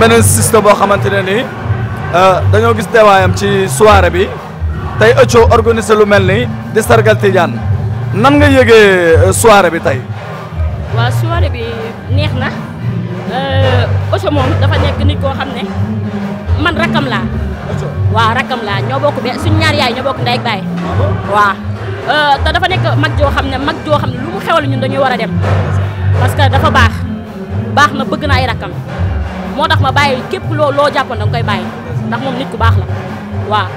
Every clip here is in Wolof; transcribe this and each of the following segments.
beneen système boo xamante ne nii euh, dañoo gis teewaayam ci soirée bi tey Euthio organisé lu mel ni di sargal Tidiane nan nga yëgee euh, soirée bi tey. waaw soirée bi neex na Euthio moom dafa nekk nit koo xam ne man rakkam laa. waaw rakkam laa ñoo bokk be suñu ñaar yaay ñoo bokk ndey ak baay waaw euh, te dafa nekk mag joo xam ne mag joo xam ne lu mu xewal ñun dañuy war a dem parce que dafa baax baax na bëgg na ay rakkam moo tax ma bàyyi képp loo loo jàppoon danga koy bàyyi ndax moom nit ku baax la waaw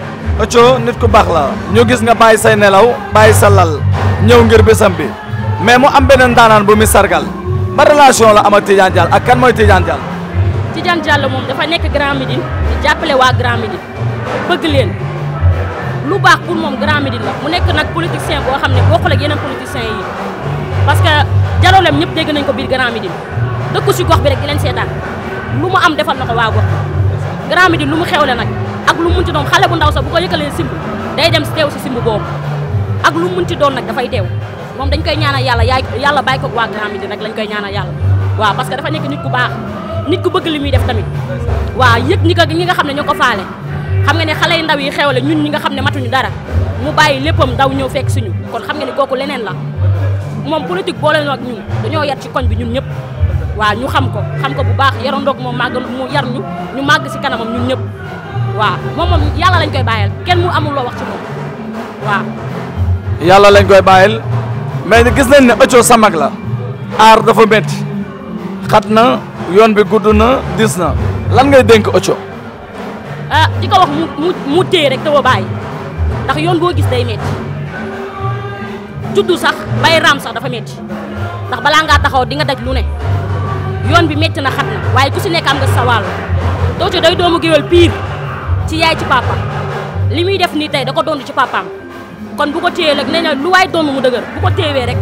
Aco nit ku baax la ñu gis nga bàyyi say nelaw bàyyi sa lal ñëw ngir bésam bi mais mu am beneen ndaanaan bu muy sargal ba relation la am ak Tidiane Diallo ak kan mooy Tidiane Diallo Tidiane Diallo moom dafa nekk Grand Médine jàppale waa Grand bëgg leen lu baax pour moom Grand Médine mu nekk nag politicien boo xam ne bokkul ak yeneen politiciens yi parce que jaloolem ñëpp dégg nañ ko biir Grand Médine dëkku si gox bi rek di leen seetaan lu mu am defal na ko waa gox Grand Médine lu mu xew le nag ak lu mu munti doon xale bu ndaw sax bu ko yëkkalee simb day dem teew si simb boobu ak lu mu munti doon nag dafay teew moom dañ koy ñaanal yàlla yaay yàlla bàyyi ko waa Grand Médine nag dañ koy ñaanal yàlla waaw parce que dafa nekk nit ku baax nit ku bëgg li muy def tamit waaw yëg ñi ne ñoo ko xam nga ne xale yi ndaw yi xewle ñun ñi nga xam ne matuñu dara mu bàyyi léppam daw ñëw fekk si ñu kon xam nga ne kooku leneen la moom politique boole noo ak ñun dañoo yar ci koñ bi ñun ñëpp waaw ñu xam ko xam ko bu baax yarandoog moom màgg mu yar ñu ñu màgg si kanamam ñun ñëpp waaw moom moom yàlla lañ koy bàyyil kenn mu amul loo wax ci moom waaw yàlla lañ koy bàyyil mais gis nañ ne sa mag la aar dafa métti xat na yoon bi gudd na dis na lan ngay dénk ëccoo ah di ko wax mu mu téye rek te wa bàyyi ndax yoon boo gis day metti juddu sax bay raam sax dafa metti ndax balaa ngaa taxaw di nga daj lu ne yoon bi metti na xat na waaye ku si nekk am nga sa wàll dootu day doomu géwél piir ci yaay ci papa li muy def nii tey da ko doon ci papaam kon bu ko téyee rek nee na lu waay doon mu dëgër bu ko téyewee rek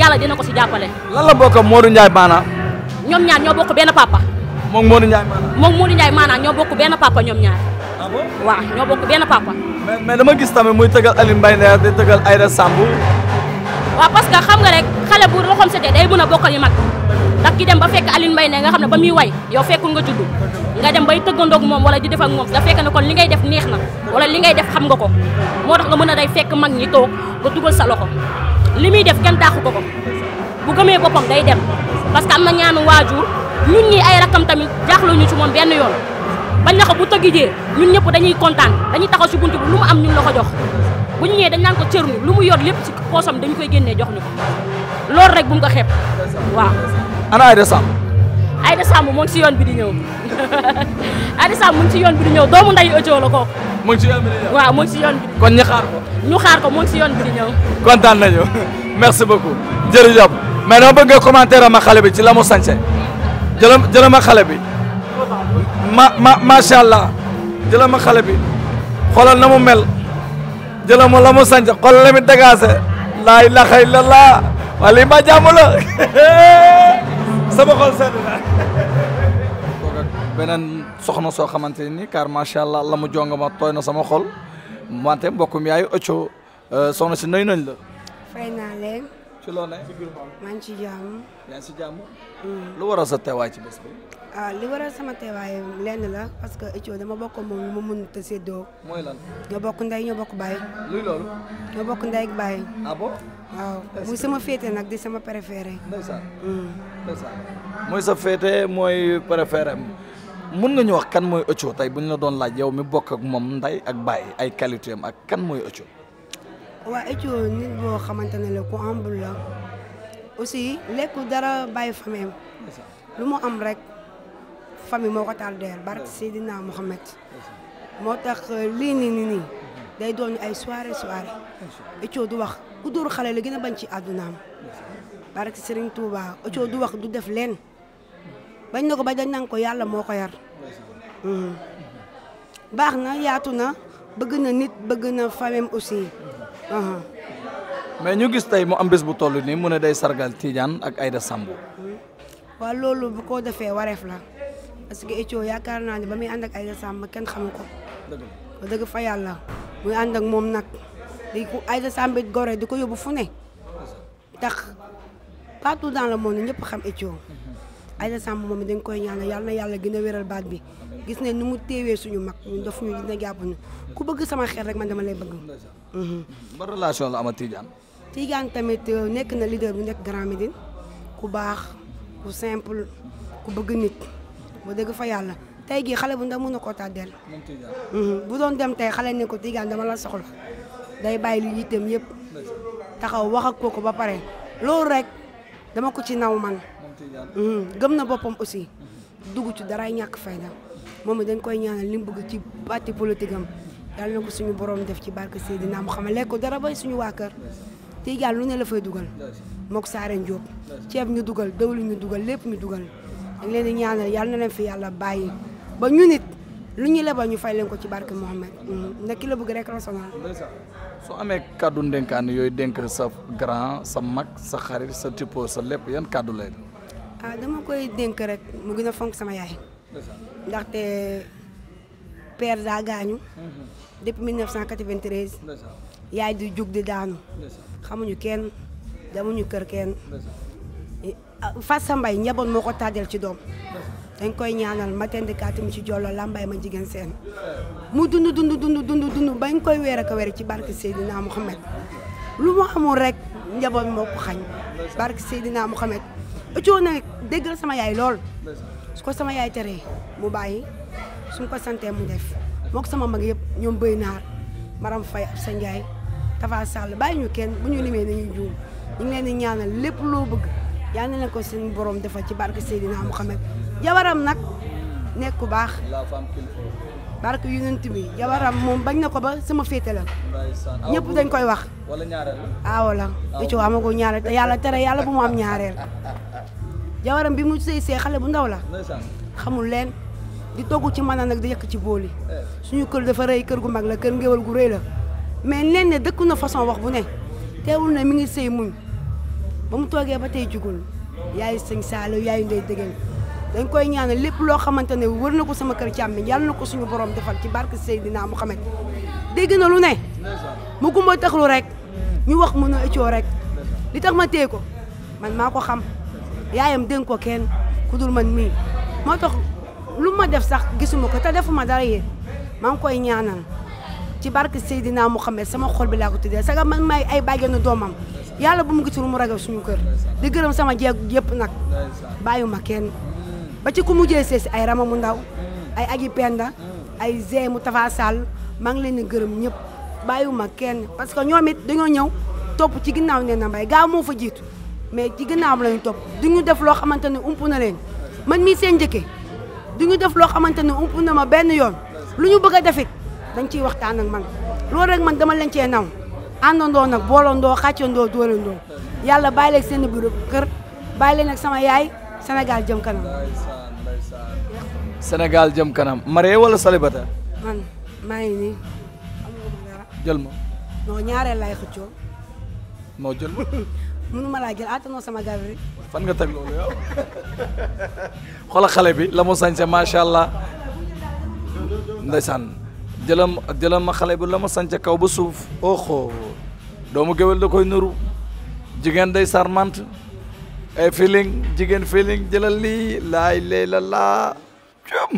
yàlla dina ko si jàppale. lan la bokk Modou Ndiaye Bana. ñoom ñaar ñoo bokk benn papa. moom Modou Ndiaye maanaam. moom ñoo bokk benn papa ñoom ñaar. ah ñoo bokk benn papa. mais mais dama gis tamit muy tëgal Alioune Mbaye Nder di tëgal Aïda Samb. waaw parce que xam nga rek xale bu loxoom setee day mën a bokkal mag ndax ki dem ba fekk Alioune bay Nder nga xam ne ba muy way yow fekkul nga judd nga dem bay tëggandoog moom wala ji def ak moom da fekk ne kon li ngay def neex na wala li ngay def xam nga ko moo tax nga mën a day fekk mag ñi toog nga dugal sa loxo li muy def kenn ko ko bu gëmee boppam day dem parce ñun ñi ay rakkam tamit jaaxlawuñu ci moom benn yoon bañ na ko bu tëggijee ñun ñëpp dañuy kontaan dañuy taxaw si buntu bi lu mu am ñun la ko jox bu ñee ñëwee dañ naan ko cërnu lu mu yor lépp si poosam dañ koy génnee jox ñu ko loolu rek bu mu ko xeeb waaw. ana Aïda Samb. Aïda Samb moo ngi bi di ñëw Aïda Samb mu ngi si yoon bi di ñëw doomu nday ëccoo ko. mu si yoon bi di ñëw waaw mu ngi kon ñu ko. ñu xaar ko mu si yoon bi di ñëw. kontaan nañu merci beaucoup jërëjëf mais dama bëgg commentaire ma xale bi ci la mu sañse jëlama jëlama xale bi ma ma macha allah jëlama xale bi xoolal na mu mel jëlama la mu sanc xoolal la mi dagaase laa ilaha illallah waa lii mbaa jàmm la sama xol beneen soxna soo xamante ni car macha allah la mu jonga ma tooy na sama xol wante mbokkum yaay ëccoo euh, soxna si nay nañ la ci loo ne. maa ngi ci jàmm. yaa jàmm. Mm. lu waral sa teewaay ci bés bi. ah li waral sama teewaay lenn la parce que Ethio dama bokk moom mu mun te séddoo. mooy lan. ñoo bokk ndey ñoo bokk baay. luy loolu. ñoo bokk ndey ak baay. ah sama féete nag di sama préféré. ndeysaan. Mm. ndeysaan mooy sa féete mooy préféré am mën nga ñu wax kan mooy Ethio tey bu ñu la doon laaj yow mi bokk ak moom ndey ak baay ay qualité am ak kan mooy Ethio. waa Ethio nit boo xamante ne la ku humble la aussi lekku dara bàyyi famille lu mu am rek famille moo ko tardeel barke Seydina Mohamed moo tax euh, lii nii nii mhm. day doon ay soirée soirée Ethio du wax ku dóor xale la gi a bañ ci àddunaam barke Serigne Touba Ethio du wax du def leen bañ na ko ba dañ nang ko yàlla moo ko yar mhm. baax na yaatu na bëgg na nit bëgg na famille aussi mhm. mais ñu gis tey mu am bés bu toll nii mu ne day sargal Tidiane ak Aïda Samb. waaw loolu bu ko defee wareef la parce que Ethio yaakaar naa ne ba muy ànd ak Aïda Samb kenn xamu ko. dëgg dëgg fa yàlla. muy ànd ak moom nag di ko Aïda Samb it gore di ko yóbbu fu ne tax partout dans le monde ñëpp xam Ethio. Aïda Samb moom dañ koy ñaan yàlla na yàlla gën a wéral baat bi gis ne ni mu téewee suñu mag ñu daf ñu dina jàpp ñu ku bëgg sama xel rek man dama lay bëgg. ba relation la ama Tidiane. tiijaan tamit euh, nekk na leader bu nekk Grand Médine ku baax ku simple ku bëgg nit bu dëgg fa yàlla tey jii xale bu ndax mën na koo tàddeel. Mhm. bu doon dem tey xale ne ko Tidiane dama la soxla day bàyyi lu yitteem yëpp taxaw wax ko ko ba pare loolu rek dama ko ci naw man. Mhm. gëm na boppam aussi dugg ci dara ñàkk fayda moom dan koy ñaanal li mu bëgg ci bàtti politique am. yàlla na ko suñu borom def ci barke Seydina Muhammad lekk ko dara waa kër te yàlla lu ne la fay dugal mook saare Njóob ceeb ñu dugal dawlu ñu dugal lépp ñu dugal dañ leen di ñaanal yàlla na leen fi yàlla bàyyi ba ñu nit lu ñu lebal ñu fay leen ko ci barke Mouhamed mm. ndax ki la bëgg rek rasonal soo amee kàddu ndénkaan yooyu dénk sa grand sa mag sa xarit sa lépp yan kàddu lay ah dama koy dénk rek mu gën a fonk sama yaay ndaxte père daa gaañu. Mhm. depuis 1993. yaay di jug di daanu. xamuñu kenn demuñu kër kenn. Eh, ah, Fass Mbaye njaboot moo ko tàddeel ci doom. dañ koy ñaanal matende kàttam ci jollo lambay ma jigéen seen. mu dund dund dund dund dund bañ koy weer ak weer ci barke Seydina Mohamed. lu mu amul rek njaboot moo ko xañ. barke Seydina Mohamed. ëccoo na déggal sama yaay lool. su ko sama yaay teree mu bàyyi. su ko santee mu def moo ko sama mag yëpp ñoom bëy naar maram fay ab sa njaay tafa sàll bàyyi ñu kenn bu ñu limee nañu juum ñu leen di ñaanal lépp loo bëgg yal na leen ko seen borom defal ci barke Seydina Muhammad jabaram nag nekk ku baax barke yonent bi jabaram moom bañ na ko ba sama féete ñëpp dañ koy wax ah wala ci amago ñaareel te yàlla tere yàlla bu mu am ñaareel jabaram bi mu sëy xale bu ndaw la xamul di togg ci mën a nag di yëkk ci bool yi suñu kër dafa rëy kër gu mag la kër ngéwal gu rëy la mais nen ne dëkk na façon wax bu ne teewul ne mi ngi sëy muñ ba mu toogee ba tey jugul yaayu sëñ Saliou yaayu ndey dëggal dañ koy ñaanal lépp loo xamante ne wër na ko sama kër càmmiñ yàlla na ko suñu borom defal ci barke Seydina Muhammad dégg na lu ne mu gumba taxlu rek ñu wax mën a rek li tax ma téye ko man maa ko xam yaayam dénk ko kenn ku dul man mii moo tax lu ma def sax gisuma ko te ma dara yéen maa ngi koy ñaanal ci barke Seydina Mouhamed sama xol bi laa ko tëddee saga man may ay bàjjenu doomam yàlla bu mu ru mu ragal suñu kër di gërëm sama jeeg yëpp nag ma kenn ba ci ku mujjee seesi ay rama mu ndaw ay aji penda ay zee mu tafa sall maa ngi leen di gërëm ñëpp bàyyuma kenn parce que ñoom it dañoo ñëw topp ci ginnaaw nee na mbay gaaw moo fa jiitu mais ci ginnaaw lañu topp ñu def loo xamante ne ump na man mii seen njëkkee du ñu def loo xamante ne na ma benn yoon lu ñu bëgg a defit dañ ciy waxtaan ak man loolu rek man dama leen cee naw àndandoo nag boolandoo xàccandoo dóolandoo yàlla baale leen seen bureau kër bàyyi sama yaay senegal jëm kanam. Sénégal jëm kanam marié wala célibataire. man maa ngi jël ma. non ñaareel xëccoo. non jël mënu ma laa jël attanoo sama galerie. fan nga teg loolu yow xoola xale bi la mu sañse macha allah ndeysaan jëlam ma xale la mu kaw ba suuf oxo doomu géwél da koy nuru jigéen day sarmant ay feeling jigéen feeling jëlal lii laay lay laa jëm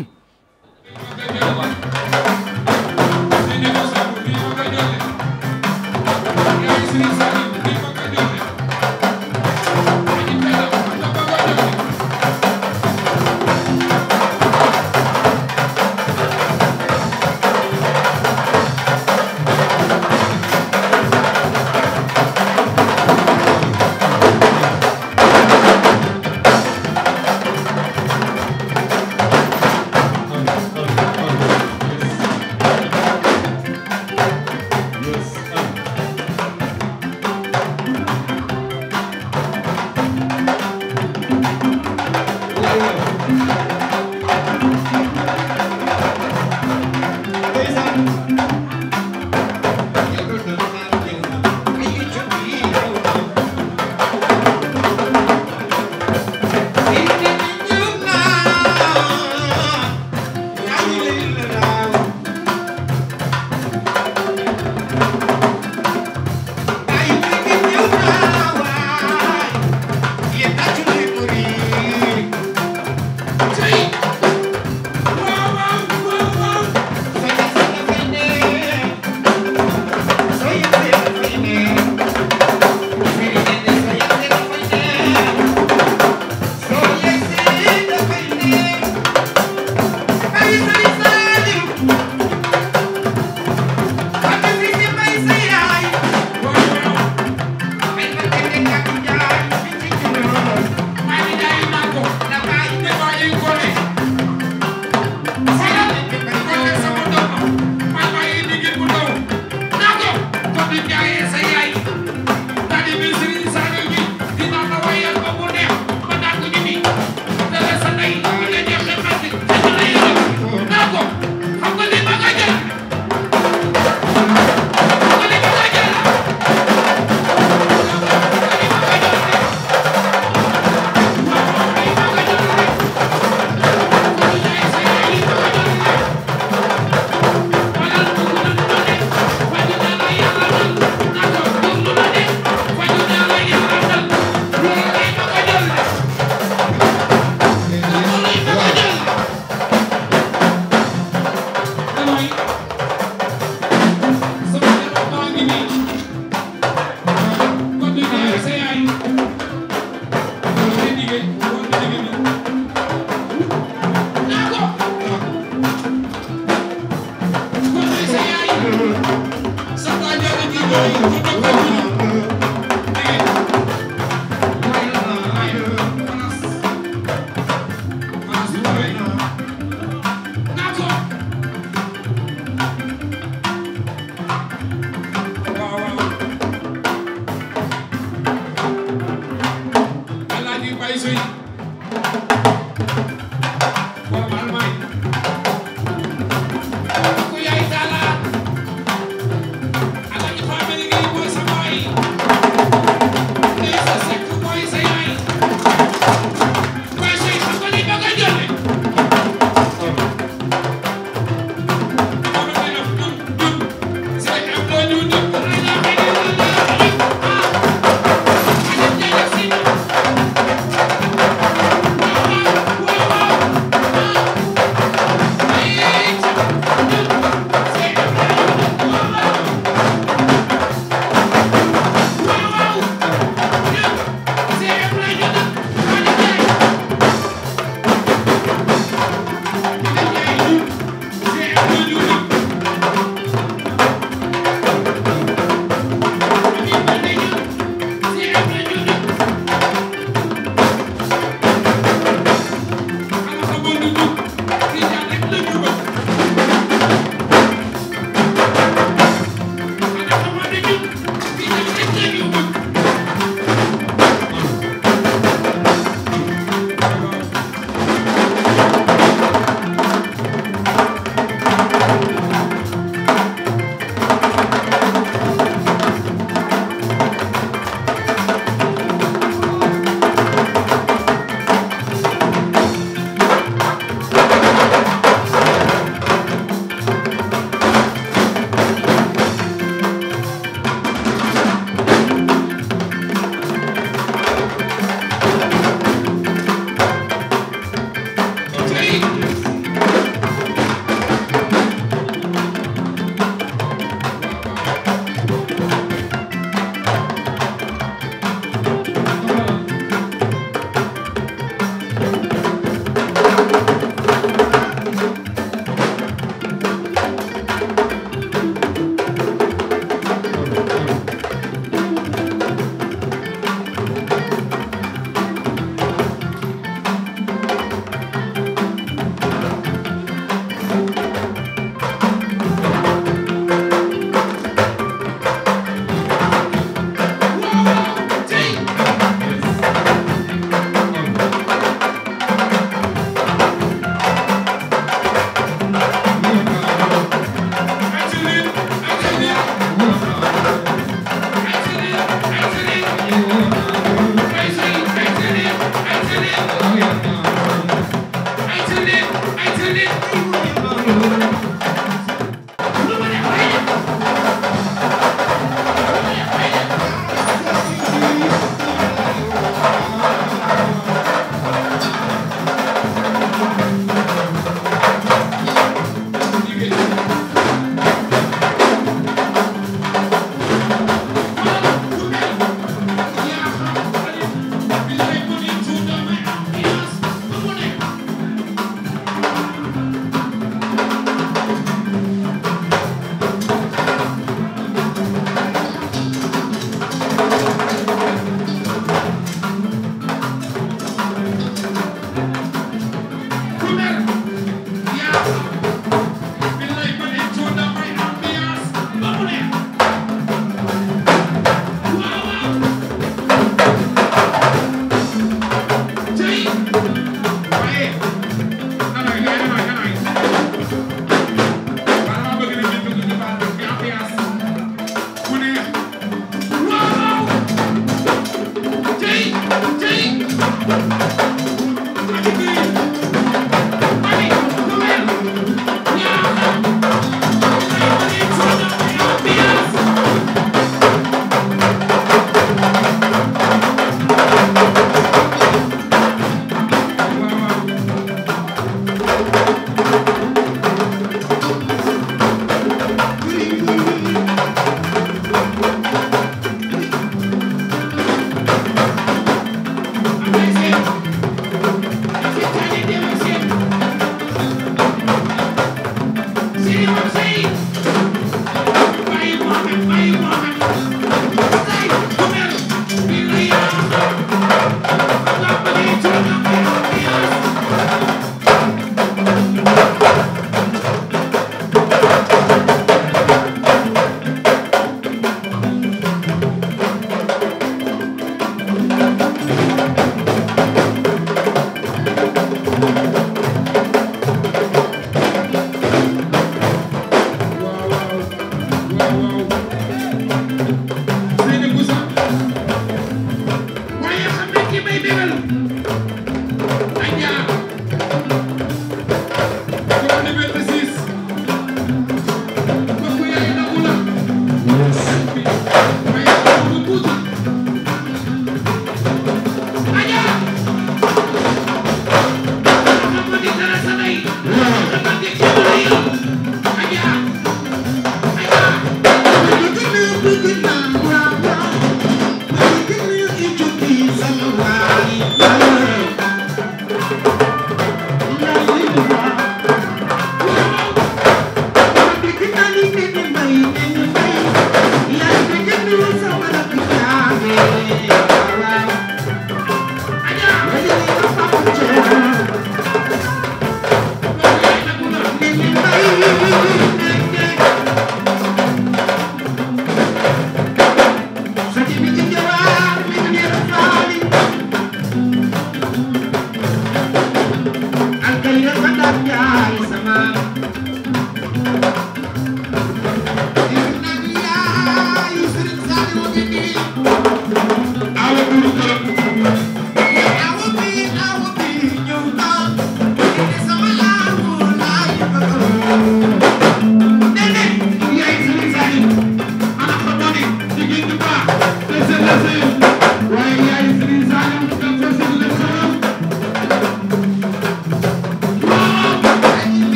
liggéey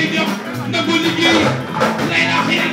li jëf nangu liggéey lay laax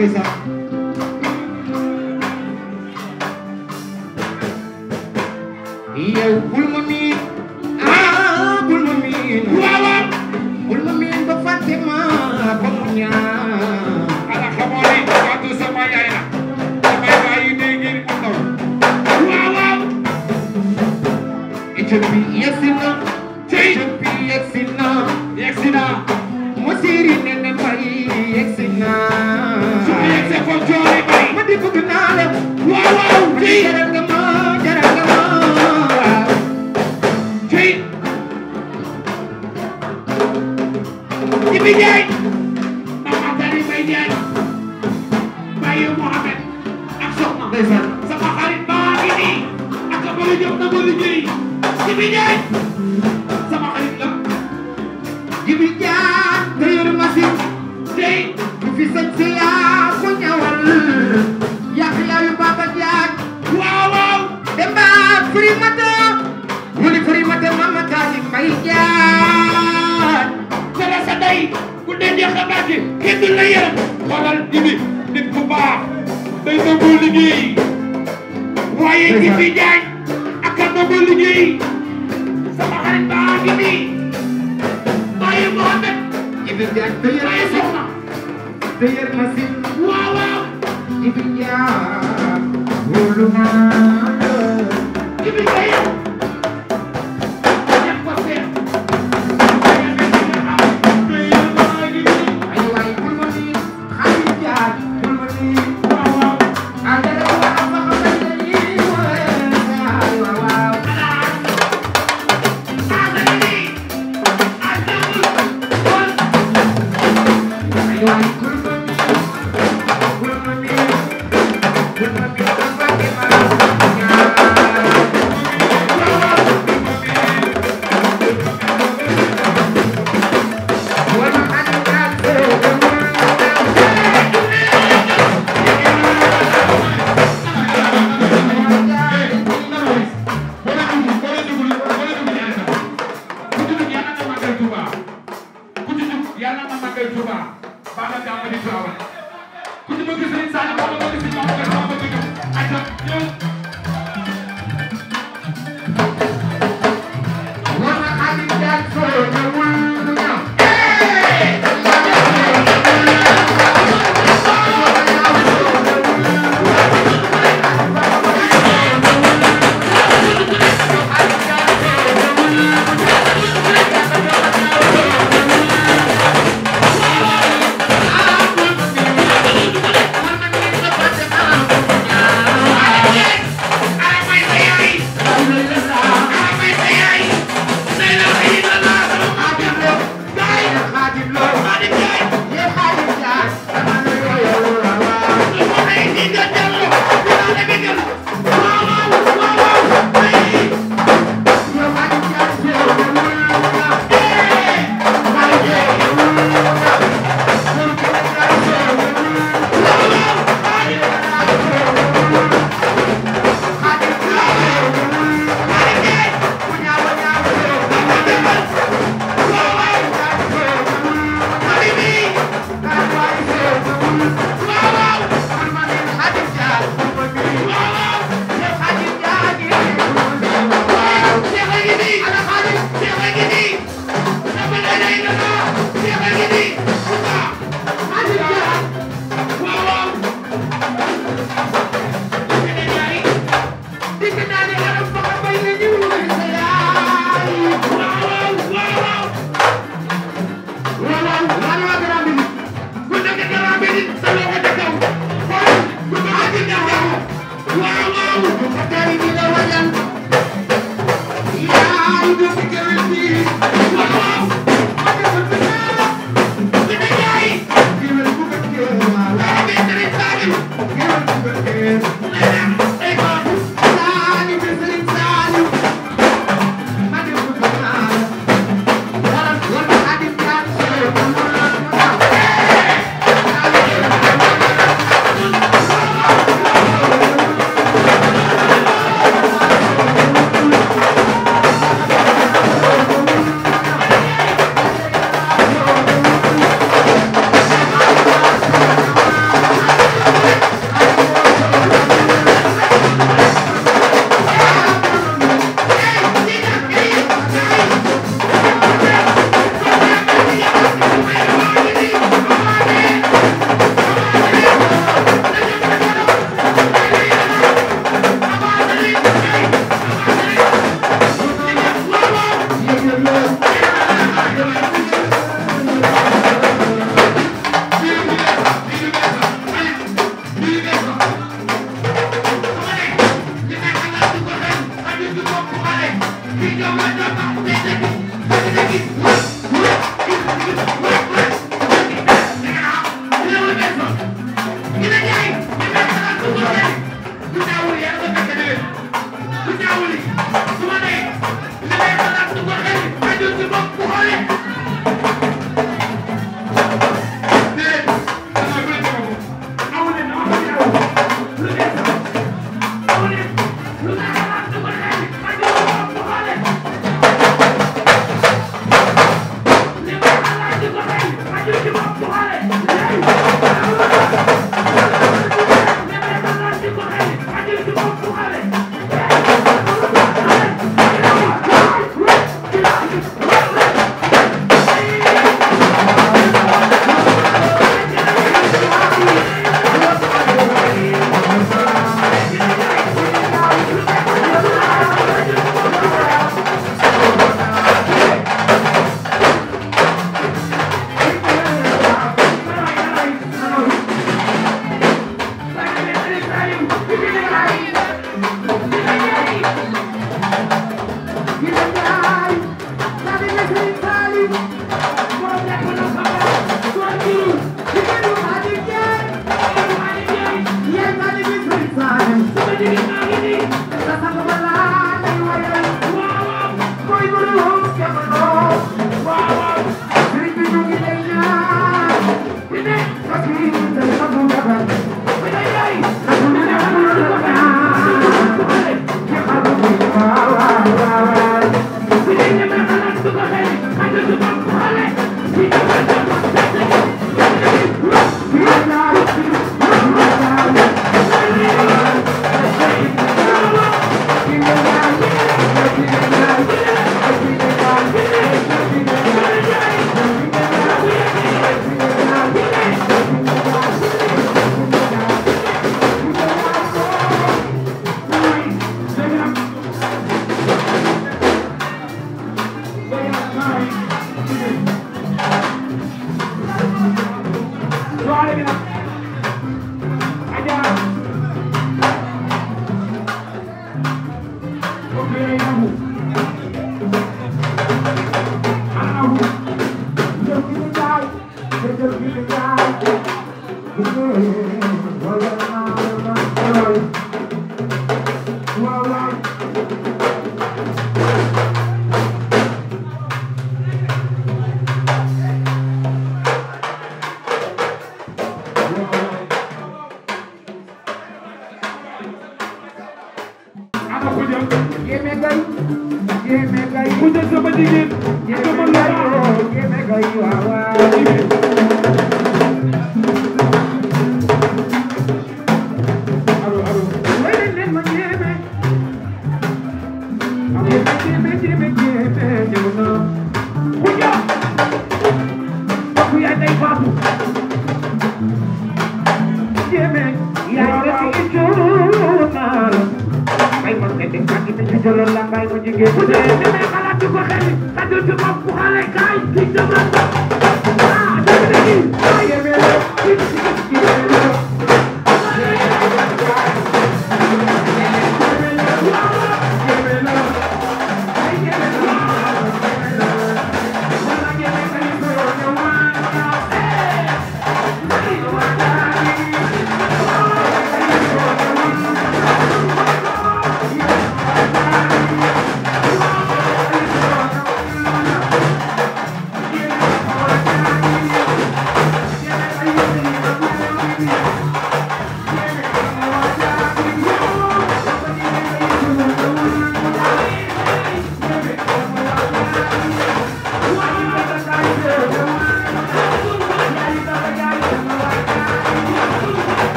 ndeysaan yow e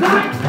Right.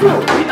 Let's go.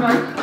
right?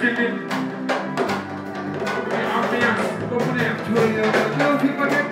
ci nit ambiance bu neex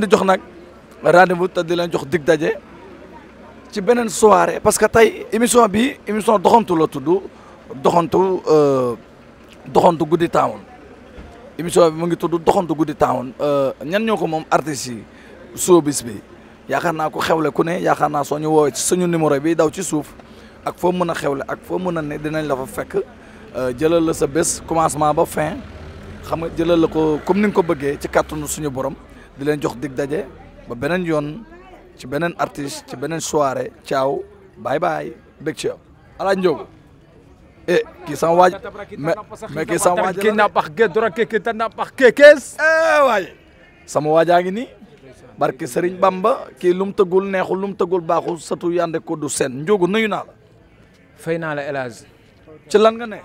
leen di jox nag rendez-vous te di leen jox dig daje ci beneen soirée parce que tey émission bi émission doxantu la tudd doxantu euh, doxantu guddi taawun émission bi mu ngi tudd doxantu guddi taawun euh, ñan ñoo ko moom artistes yi showbiz bi yaakaar naa ko xewle ku ne yaakaar naa soo ñu woowee ci suñu numéro bi daw ci suuf ak foo mën a xewle ak foo mën a ne dinañ la fa fekk euh, jëlal la sa bés commencement ba fin xam nga jëlal la ko comme ni nga ko bëggee ci kàttanu suñu borom di leen jox dig daje ba beneen yoon ci beneen artiste ci beneen soirée ciao bye bay bég ci yow alaaj njóogu eh kii sama waaj mais kii sama waaj kii napax ke dora keke ta napax kekees eh, waaye sama waajaa ngi ni barke Serigne Bamba kii lu mu neexul lu mu tëggul baaxul satu yande ko du seen njóogu nuyu naa la naa la El ci lan nga ne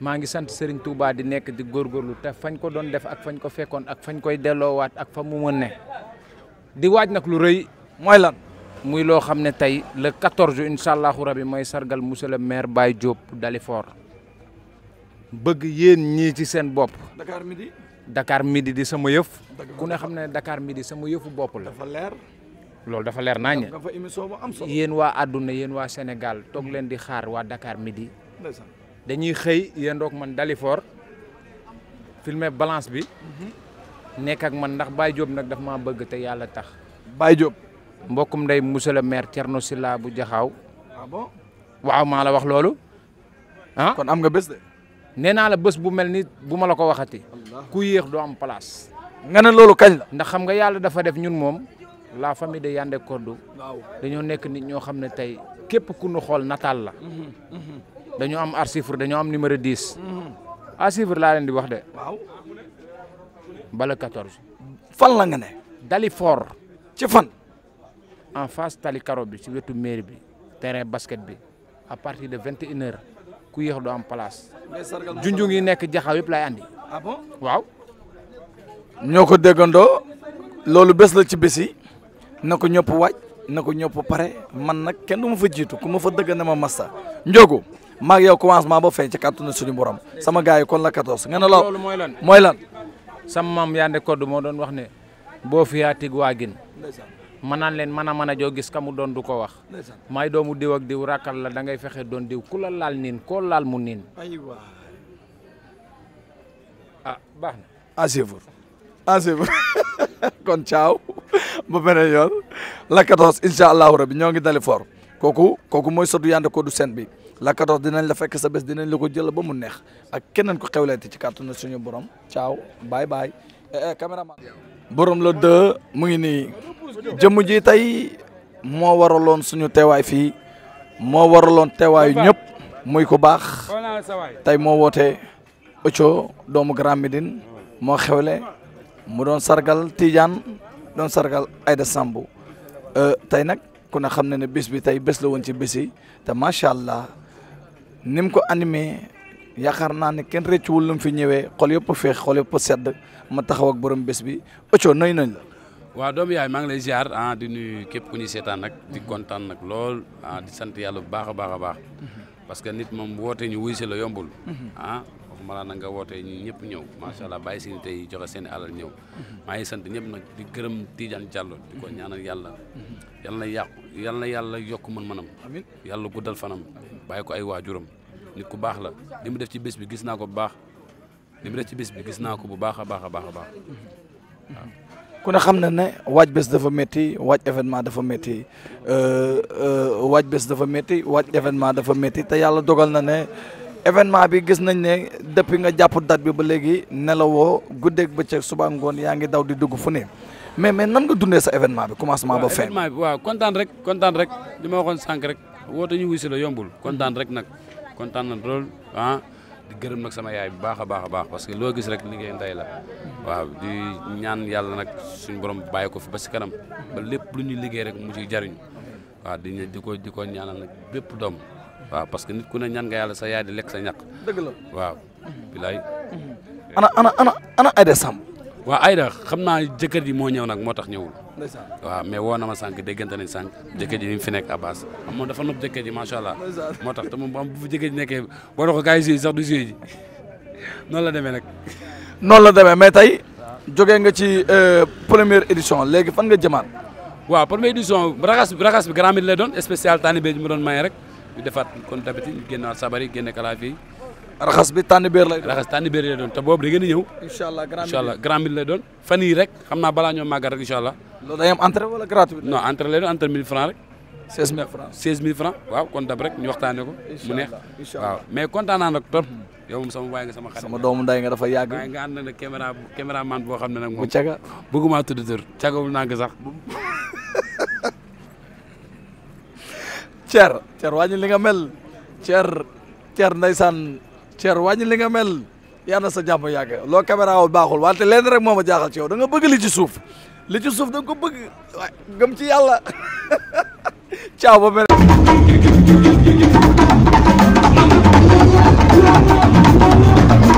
maa ngi sant Serigne Touba di nekk di góor góorgóorlu te fañ ko doon def ak fañ ko fekkoon ak fañ koy delloo waat ak fa mu mën ne di waaj nag lu rëy mooy lan muy loo xam ne tey le 14 incha rab rabi mooy sargal monsieur le maire jóob Diop bëgg yéen ñii ci seen bopp. Dakar midi. Dakar midi di sama yëf. ku ne xam ne Dakar midi sama yëfu bopp la. dafa leer. loolu dafa leer naa ñu. émission bu am solo. yéen waa àdduna yéen waa Sénégal toog leen di xaar waa Dakar midi. dañuy xëy yendoog man Dalifort filmer balance bi mhm. nekk ak man ndax Baye Diop nag daf maa bëgg te yàlla tax Baye Diop mbokkum nday monsieur le maire Thierno Sylla bu Jaxaaw ah bon waaw maa la wax loolu ah kon am nga bés de nee naa la bés bu mel ni bu ma la ko waxati ku yéex doo am palaas nga ne loolu kañ la ndax xam nga yàlla dafa def ñun moom la famille de Yandé Codou dañoo nekk nit ñoo xam ne tey képp ku nu xool nataal la mhm, mhm. dañu am archive dañoo am numéro 10. Mhm. archive laa leen di wax de. waaw. bala 14. fan la nga ne. Dalifort. ci fan. en face tali karo bi ci wetu mairie bi terrain basket bi à partir de vingt et ku yéex doo am place. junjung yi nekk jaxaw yëpp lay andi. ah waaw. ñoo ko dëggandoo loolu bés la ci bés na ko ñëpp waaj na ko ñëpp pare man nag kenn du fa jiitu ku ma fa dëgg na ma massa njogu maag yow commencement ba feeñ ci kàttanu suñu borom sama gars yi kon la 14 nga ne loolu mooy lan mooy lan sama maam Yandé Codou moo doon wax ne boo fiyaa tig waa gin ma naan leen mën a mën a joo gis ka mu doon du ko wax may doomu diw ak diw rakkal la da ngay fexe doon diw ku la laal niin koo laal mu niin ah baax na à kon caaw ba beneen yoon la 14 incha allahu rabi ñoo ngi dali kooku mooy sotu Yandé Codou seen bi la dinañ la fekk sa bés dinañ la ko jël ba mu neex ak keneen ko xewleeti ci kàttanu suñu borom caaw baay baay eh, eh, caméraman borom la dë mu ngi nii jëmm ji tey moo waraloon suñu teewaay fii moo waraloon teewaayu ñëpp muy ku baax tey moo woote Othio doomu Grand Médine moo xewle mu doon sargal Tidiane doon sargal Aïda Samb eh, tey nag kun ne xam ne ne bis bi tey bés la woon ci bés te macha allah. ni mu ko animé yaakaar naa ne kenn rëccuwul lu mu fi ñëwee xol yëpp a feex xol yëpp sedd ma taxaw ak borom bés bi Othio nay nañ la. waa doomu yaay maa ngi lay ziar ah di képp ku ñuy seetaan nag di kontaan nag lool ah di sant yàlla bu baax a baax a baax mhm. parce que nit moom woote ñu wuy si la yombul mhm. ah, waxuma na nga wootee ñun ñëpp ñëw macha allah bàyyi seen tey joxe seen alal ñëw maa ngi sant ñëpp na di gërëm Tidiane Diallo di ko ñaanal yàlla yal na yàqu yal na yàlla yokk mën-mënam yàlla guddal fanam bàyyi ko ay waajuram nit ku baax la li mu def ci bés bi gis naa ko bu baax li mu ci bés bi gis naa ko bu baax a baax a baax baax waaw xam na ne waj bés dafa metti waj événement dafa métti euh, euh, waaj bés dafa métti waaj événement dafa métti te yàlla dogal na ne événement bi gis nañ ne depuis nga jàpp date bi ba léegi nelawoo guddeeg bëccëg suba ngoon yaa ngi daw di dugg fu ne mais mais nan nga dundee sa événement bi commencement ba fin. événement bi waaw kontaan rek kontaan rek li ma waxoon sànq rek woote ñu wuyu la yombul mm-hmm. kontaan rek nag kontaan na lool ah di gërëm nag sama yaay bu baax a baax a baax parce que loo gis rek liggéey ndey la waaw di ñaan yàlla nag suñu borom bàyyi ko fi ba si kanam ba lépp lu ñuy liggéey rek mu ci jariñ waaw di di ko di ko ñaanal bépp doom. waaw parce que nit ku ne ñaan nga yàlla sa yaay di lekk sa ñàkk. dëgg la waaw. bilaay. Mhm. ana ana ana ana Aida Samb. waaw xam naa jëkkër ji moo ñëw nag moo tax ñëwul. waaw mais woo na ma sànq déggante nañ sànq. jëkkër ji ni mu fi nekk Abbas moo moom dafa nopp jëkkër ji macha allah. moo tax te moom bu am bu jëkkër ji nekkee boo doon noonu la demee nag. noonu la demee mais tey. jógee nga ci euh, première édition léegi fan nga jëmaat. waaw première édition raxas raxas bi grand bi lay doon spécial tànn bi mu doon maye rek. ñu defaat kon d'habitude ñu génnaat sabar yi raxas bi tànn béer lay doon raxas boobu da ngeen ñëw. incha grand mille lay doon fan yii rek xam naa balaa ñoo màggal rek incha allah. loolu day am entrée wala gratuit. non entrée lay doon entrée 1000 francs rek. 16000 francs 16000 francs waaw kon dab rek ñu waxtaanee ko. mu neex mais kontaan naa nag trop. yow sama waay nga sama xarit sama doomu nday nga dafa yàgg. nga ànd Cer Cer wàññi li nga mel Cer Cer ndeysaan Cer wàññi li nga mel yal na sa jàmm yàgg loo caméra wul baaxul wante leen rek moo ma jaaxal ci yow da nga bëgg li ci suuf li ci suuf danga nga ko bëgg waay gëm ci yàlla ciao ba